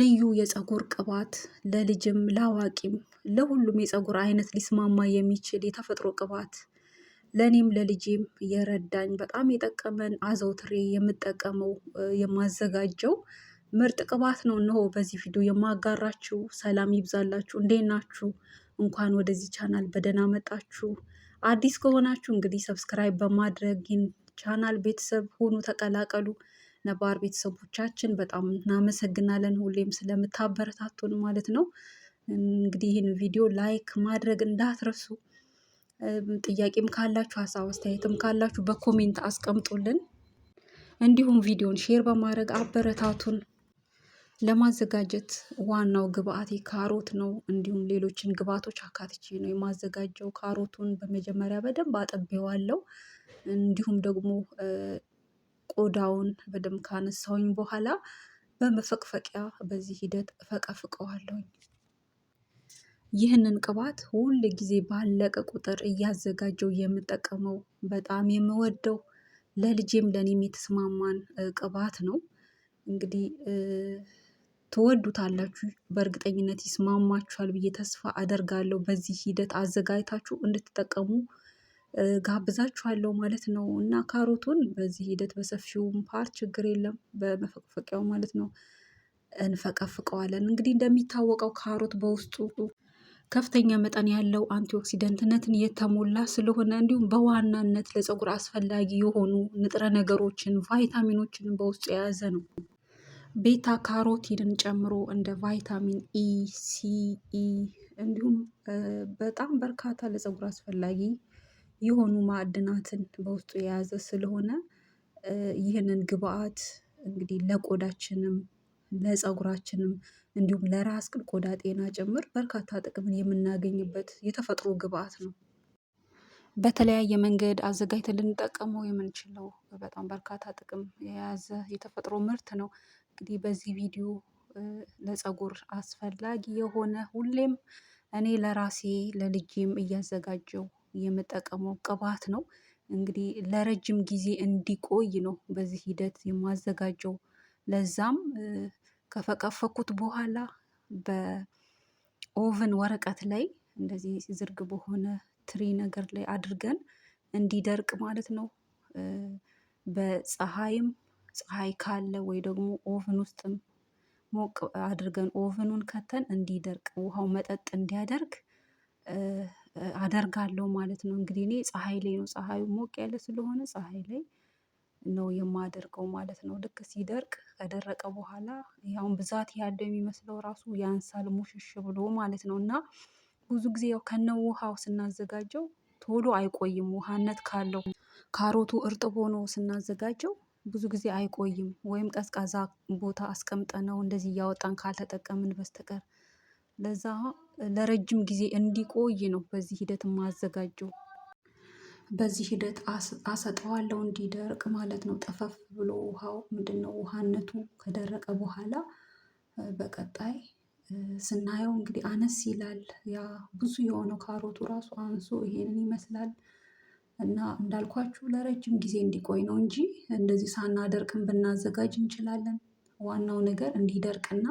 ልዩ የፀጉር ቅባት ለልጅም ለአዋቂም ለሁሉም የፀጉር አይነት ሊስማማ የሚችል የተፈጥሮ ቅባት ለእኔም ለልጄም የረዳኝ በጣም የጠቀመን አዘውትሬ የምጠቀመው የማዘጋጀው ምርጥ ቅባት ነው። እነሆ በዚህ ቪዲዮ የማጋራችሁ። ሰላም ይብዛላችሁ። እንዴት ናችሁ? እንኳን ወደዚህ ቻናል በደህና መጣችሁ። አዲስ ከሆናችሁ እንግዲህ ሰብስክራይብ በማድረግ ቻናል ቤተሰብ ሆኑ ተቀላቀሉ። ነባር ቤተሰቦቻችን በጣም እናመሰግናለን፣ ሁሌም ስለምታበረታቱን ማለት ነው። እንግዲህ ይህን ቪዲዮ ላይክ ማድረግ እንዳትረሱ። ጥያቄም ካላችሁ ሀሳብ አስተያየትም ካላችሁ በኮሜንት አስቀምጡልን። እንዲሁም ቪዲዮን ሼር በማድረግ አበረታቱን። ለማዘጋጀት ዋናው ግብአቴ ካሮት ነው። እንዲሁም ሌሎችን ግብአቶች አካትቼ ነው የማዘጋጀው። ካሮቱን በመጀመሪያ በደንብ አጥቤዋለሁ። እንዲሁም ደግሞ ቆዳውን በደንብ ካነሳሁኝ በኋላ በመፈቅፈቂያ በዚህ ሂደት እፈቀፍቀዋለሁኝ። ይህንን ቅባት ሁል ጊዜ ባለቀ ቁጥር እያዘጋጀው የምጠቀመው በጣም የምወደው ለልጄም ለእኔም የተስማማን ቅባት ነው። እንግዲህ ትወዱታላችሁ፣ በእርግጠኝነት ይስማማችኋል ብዬ ተስፋ አደርጋለሁ። በዚህ ሂደት አዘጋጅታችሁ እንድትጠቀሙ ጋብዛችኋለሁ ማለት ነው። እና ካሮቱን በዚህ ሂደት በሰፊውም ፓርት ችግር የለም በመፈቅፈቂያው ማለት ነው። እንፈቀፍቀዋለን እንግዲህ እንደሚታወቀው ካሮት በውስጡ ከፍተኛ መጠን ያለው አንቲኦክሲደንትነትን የተሞላ ስለሆነ እንዲሁም በዋናነት ለፀጉር አስፈላጊ የሆኑ ንጥረ ነገሮችን ቫይታሚኖችን በውስጡ የያዘ ነው። ቤታ ካሮቲንን ጨምሮ እንደ ቫይታሚን ኢ ሲኢ እንዲሁም በጣም በርካታ ለፀጉር አስፈላጊ የሆኑ ማዕድናትን በውስጡ የያዘ ስለሆነ ይህንን ግብአት እንግዲህ ለቆዳችንም ለፀጉራችንም እንዲሁም ለራስ ቅል ቆዳ ጤና ጭምር በርካታ ጥቅምን የምናገኝበት የተፈጥሮ ግብአት ነው። በተለያየ መንገድ አዘጋጅተ ልንጠቀመው የምንችለው በጣም በርካታ ጥቅም የያዘ የተፈጥሮ ምርት ነው። እንግዲህ በዚህ ቪዲዮ ለፀጉር አስፈላጊ የሆነ ሁሌም እኔ ለራሴ ለልጄም እያዘጋጀው የምጠቀመው ቅባት ነው። እንግዲህ ለረጅም ጊዜ እንዲቆይ ነው በዚህ ሂደት የማዘጋጀው። ለዛም ከፈቀፈኩት በኋላ በኦቨን ወረቀት ላይ እንደዚህ ዝርግ በሆነ ትሪ ነገር ላይ አድርገን እንዲደርቅ ማለት ነው። በፀሀይም ፀሀይ ካለ ወይ ደግሞ ኦቨን ውስጥም ሞቅ አድርገን ኦቨኑን ከተን እንዲደርቅ ውሃው መጠጥ እንዲያደርግ አደርጋለሁ ማለት ነው። እንግዲህ እኔ ፀሀይ ላይ ነው ፀሀዩ ሞቅ ያለ ስለሆነ ፀሀይ ላይ ነው የማደርገው ማለት ነው። ልክ ሲደርቅ ከደረቀ በኋላ ያው ብዛት ያለው የሚመስለው ራሱ ያንሳል ሙሽሽ ብሎ ማለት ነው። እና ብዙ ጊዜ ያው ውሃው ስናዘጋጀው ቶሎ አይቆይም ውሃነት ካለው ካሮቱ እርጥብ ሆኖ ስናዘጋጀው ብዙ ጊዜ አይቆይም ወይም ቀዝቃዛ ቦታ አስቀምጠነው እንደዚህ እያወጣን ካልተጠቀምን በስተቀር ለዛ ለረጅም ጊዜ እንዲቆይ ነው በዚህ ሂደት የማዘጋጀው። በዚህ ሂደት አሰጠዋለው እንዲደርቅ ማለት ነው። ጠፈፍ ብሎ ውሃው ምንድን ነው ውሃነቱ ከደረቀ በኋላ በቀጣይ ስናየው እንግዲህ አነስ ይላል። ያ ብዙ የሆነው ካሮቱ ራሱ አንሶ ይሄንን ይመስላል። እና እንዳልኳችሁ ለረጅም ጊዜ እንዲቆይ ነው እንጂ እንደዚህ ሳናደርቅም ብናዘጋጅ እንችላለን። ዋናው ነገር እንዲደርቅና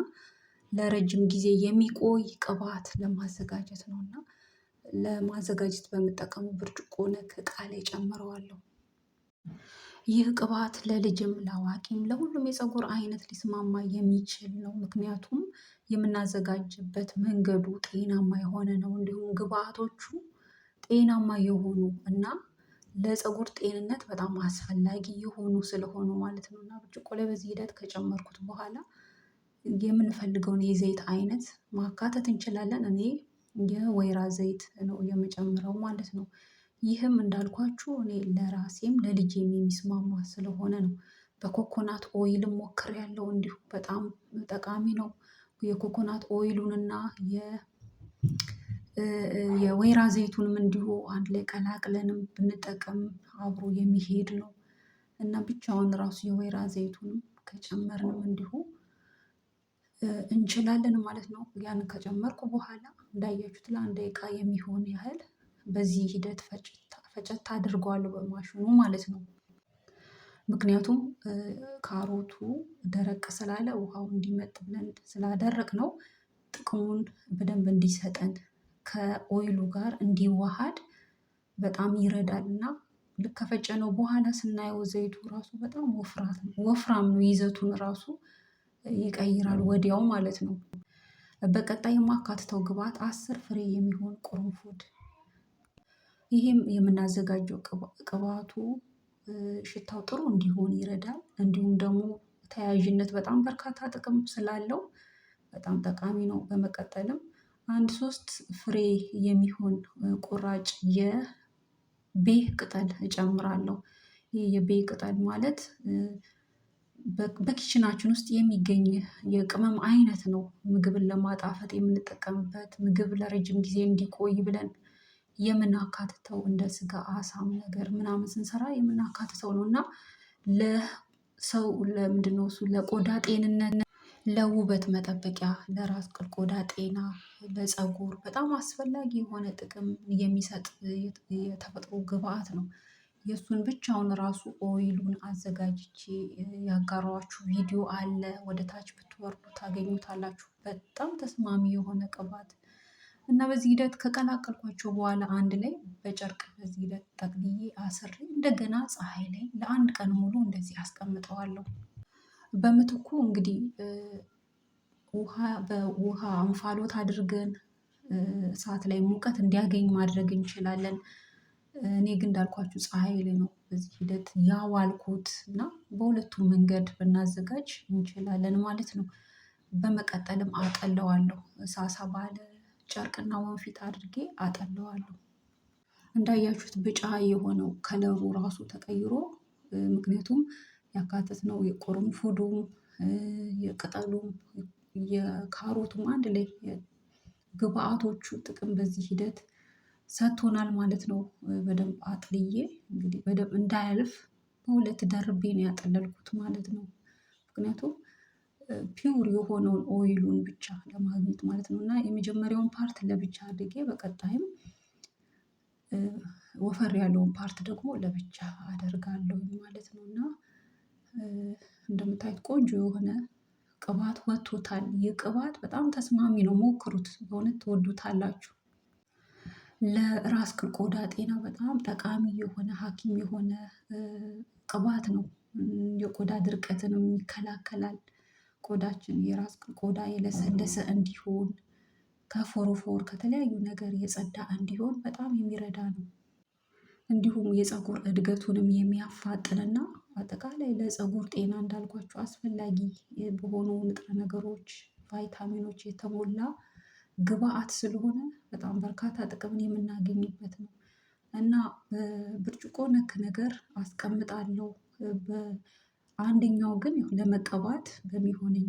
ለረጅም ጊዜ የሚቆይ ቅባት ለማዘጋጀት ነው እና ለማዘጋጀት በምጠቀሙ ብርጭቆ ነክ እቃ ላይ ጨምረዋለሁ። ይህ ቅባት ለልጅም ለአዋቂም ለሁሉም የፀጉር አይነት ሊስማማ የሚችል ነው። ምክንያቱም የምናዘጋጅበት መንገዱ ጤናማ የሆነ ነው። እንዲሁም ግብአቶቹ ጤናማ የሆኑ እና ለፀጉር ጤንነት በጣም አስፈላጊ የሆኑ ስለሆኑ ማለት ነው። እና ብርጭቆ ላይ በዚህ ሂደት ከጨመርኩት በኋላ የምንፈልገውን የዘይት አይነት ማካተት እንችላለን። እኔ የወይራ ዘይት ነው የምጨምረው ማለት ነው። ይህም እንዳልኳችሁ እኔ ለራሴም ለልጄም የሚስማማ ስለሆነ ነው። በኮኮናት ኦይልም ያለው እንዲሁ በጣም ጠቃሚ ነው። የኮኮናት ኦይሉንና የወይራ ዘይቱንም እንዲሁ አንድ ላይ ቀላቅለንም ብንጠቀም አብሮ የሚሄድ ነው። እና ብቻውን ራሱ የወይራ ዘይቱንም ከጨመርንም እንዲሁ እንችላለን ማለት ነው። ያን ከጨመርኩ በኋላ እንዳያችሁት ለአንድ ደቂቃ የሚሆን ያህል በዚህ ሂደት ፈጨት አድርገዋለሁ በማሽኑ ማለት ነው። ምክንያቱም ካሮቱ ደረቅ ስላለ ውሃው እንዲመጥ ብለን ስላደረቅ ነው ጥቅሙን በደንብ እንዲሰጠን ከኦይሉ ጋር እንዲዋሃድ በጣም ይረዳል እና ልክ ከፈጨነው በኋላ ስናየው ዘይቱ ራሱ በጣም ወፍራም ነው ይዘቱን ራሱ ይቀይራል ወዲያው ማለት ነው። በቀጣይ የማካትተው ግብዓት አስር ፍሬ የሚሆን ቅርንፉድ። ይህም የምናዘጋጀው ቅባቱ ሽታው ጥሩ እንዲሆን ይረዳል። እንዲሁም ደግሞ ተያያዥነት በጣም በርካታ ጥቅም ስላለው በጣም ጠቃሚ ነው። በመቀጠልም አንድ ሶስት ፍሬ የሚሆን ቁራጭ የቤህ ቅጠል እጨምራለሁ። ይህ የቤህ ቅጠል ማለት በኪችናችን ውስጥ የሚገኝ የቅመም አይነት ነው። ምግብን ለማጣፈጥ የምንጠቀምበት ምግብ ለረጅም ጊዜ እንዲቆይ ብለን የምናካትተው እንደ ስጋ፣ አሳም ነገር ምናምን ስንሰራ የምናካትተው ነው እና ለሰው ለምንድነው እሱ ለቆዳ ጤንነት፣ ለውበት መጠበቂያ፣ ለራስ ቅል ቆዳ ጤና፣ ለፀጉር በጣም አስፈላጊ የሆነ ጥቅም የሚሰጥ የተፈጥሮ ግብአት ነው። የእሱን ብቻውን ራሱ ኦይሉን አዘጋጅቼ ያጋሯችሁ ቪዲዮ አለ። ወደ ታች ብትወርዱ ታገኙታላችሁ። በጣም ተስማሚ የሆነ ቅባት እና በዚህ ሂደት ከቀላቀልኳቸው በኋላ አንድ ላይ በጨርቅ በዚህ ሂደት ጠቅልዬ አስሬ እንደገና ፀሐይ ላይ ለአንድ ቀን ሙሉ እንደዚህ አስቀምጠዋለሁ። በምትኩ እንግዲህ ውሃ በውሃ እንፋሎት አድርገን እሳት ላይ ሙቀት እንዲያገኝ ማድረግ እንችላለን። እኔ ግን እንዳልኳችሁ ፀሐይ ላይ ነው በዚህ ሂደት ያዋልኩት እና በሁለቱም መንገድ ብናዘጋጅ እንችላለን ማለት ነው። በመቀጠልም አጠለዋለሁ ሳሳ ባለ ጨርቅና ወንፊት አድርጌ አጠለዋለሁ። እንዳያችሁት ቢጫ የሆነው ከለሩ ራሱ ተቀይሮ ምክንያቱም ነው የቁርንፉዱም የቅጠሉም የካሮቱም አንድ ላይ ግብአቶቹ ጥቅም በዚህ ሂደት ሰጥቶናል ማለት ነው። በደንብ አጥልዬ እንግዲህ በደንብ እንዳያልፍ በሁለት ደርቤ ነው ያጠለልኩት ማለት ነው። ምክንያቱም ፒውር የሆነውን ኦይሉን ብቻ ለማግኘት ማለት ነው። እና የመጀመሪያውን ፓርት ለብቻ አድርጌ በቀጣይም ወፈር ያለውን ፓርት ደግሞ ለብቻ አደርጋለሁ ማለት ነው። እና እንደምታዩት ቆንጆ የሆነ ቅባት ወጥቶታል ይህ ቅባት በጣም ተስማሚ ነው ሞክሩት በእውነት ትወዱታላችሁ ለራስ ቆዳ ጤና በጣም ጠቃሚ የሆነ ሐኪም የሆነ ቅባት ነው። የቆዳ ድርቀትንም ይከላከላል። ቆዳችን የራስ ቅል ቆዳ የለሰለሰ እንዲሆን ከፎሮፎር ከተለያዩ ነገር የጸዳ እንዲሆን በጣም የሚረዳ ነው። እንዲሁም የፀጉር እድገቱንም የሚያፋጥንና አጠቃላይ ለፀጉር ጤና እንዳልኳቸው አስፈላጊ በሆኑ ንጥረ ነገሮች ቫይታሚኖች የተሞላ ግብአት ስለሆነ በጣም በርካታ ጥቅምን የምናገኝበት ነው። እና ብርጭቆ ነክ ነገር አስቀምጣለሁ። አንደኛው ግን ለመቀባት በሚሆነኝ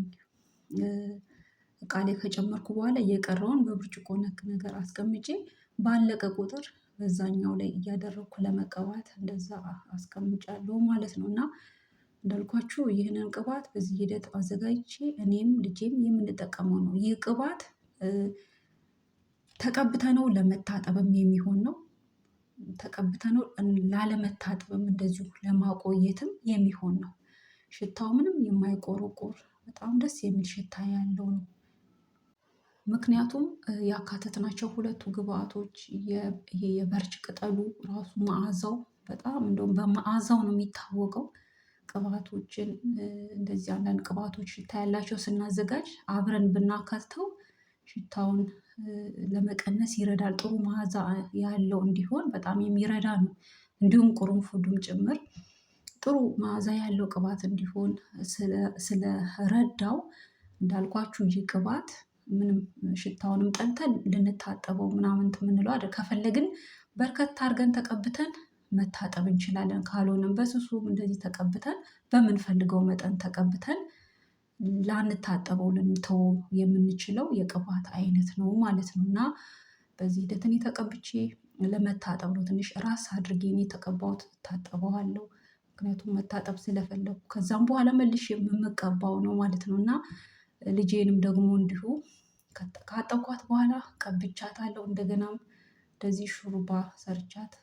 እቃ ላይ ከጨመርኩ በኋላ የቀረውን በብርጭቆ ነክ ነገር አስቀምጬ ባለቀ ቁጥር በዛኛው ላይ እያደረግኩ ለመቀባት እንደዛ አስቀምጫለሁ ማለት ነው። እና እንዳልኳችሁ ይህንን ቅባት በዚህ ሂደት አዘጋጅቼ እኔም ልጄም የምንጠቀመው ነው። ይህ ቅባት ነው ለመታጠብም የሚሆን ነው። ነው ላለመታጠብም እንደዚሁ ለማቆየትም የሚሆን ነው። ሽታው ምንም የማይቆረቆር በጣም ደስ የሚል ሽታ ያለው ነው። ምክንያቱም ያካተትናቸው ሁለቱ ግብአቶች የበርች ቅጠሉ ራሱ መዓዛው በጣም እንደውም በመዓዛው ነው የሚታወቀው። ቅባቶችን እንደዚህ አንዳንድ ቅባቶች ሽታ ያላቸው ስናዘጋጅ አብረን ብናካትተው ሽታውን ለመቀነስ ይረዳል። ጥሩ መዓዛ ያለው እንዲሆን በጣም የሚረዳ ነው። እንዲሁም ቁርንፉዱም ጭምር ጥሩ መዓዛ ያለው ቅባት እንዲሆን ስለረዳው እንዳልኳችሁ ይህ ቅባት ምንም ሽታውንም ጠልተን ልንታጠበው ምናምን የምንለው አይደል። ከፈለግን በርከት አድርገን ተቀብተን መታጠብ እንችላለን። ካልሆነም በስሱም እንደዚህ ተቀብተን በምንፈልገው መጠን ተቀብተን ላንታጠበው ልንተወው የምንችለው የቅባት አይነት ነው ማለት ነው። እና በዚህ ሂደት እኔ ተቀብቼ ለመታጠብ ነው ትንሽ ራስ አድርጌ እኔ የተቀባሁት እታጠበዋለሁ። ምክንያቱም መታጠብ ስለፈለጉ ከዛም በኋላ መልሽ የምቀባው ነው ማለት ነው። እና ልጄንም ደግሞ እንዲሁ ካጠብኳት በኋላ ቀብቻታለሁ እንደገናም እንደዚህ ሹሩባ ሰርቻት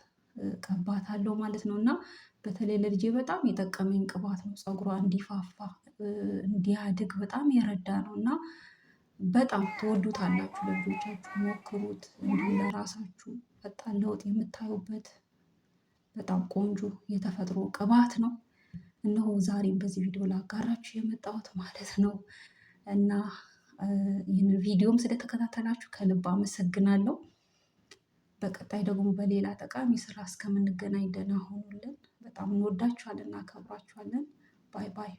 ቀባታለሁ ማለት ነው። እና በተለይ ለልጄ በጣም የጠቀመኝ ቅባት ነው ፀጉሯ እንዲፋፋ እንዲያድግ በጣም የረዳ ነው እና በጣም ትወዱታላችሁ። ለልጆቻችሁ ሞክሩት፣ እንዲሁም ለራሳችሁ ፈጣን ለውጥ የምታዩበት በጣም ቆንጆ የተፈጥሮ ቅባት ነው። እነሆ ዛሬም በዚህ ቪዲዮ ላጋራችሁ የመጣሁት ማለት ነው እና ይህን ቪዲዮም ስለተከታተላችሁ ከልብ አመሰግናለሁ። በቀጣይ ደግሞ በሌላ ጠቃሚ ስራ እስከምንገናኝ ደህና ሆኑልን። በጣም እንወዳችኋለን፣ እናከብራችኋለን። ባይ ባይ።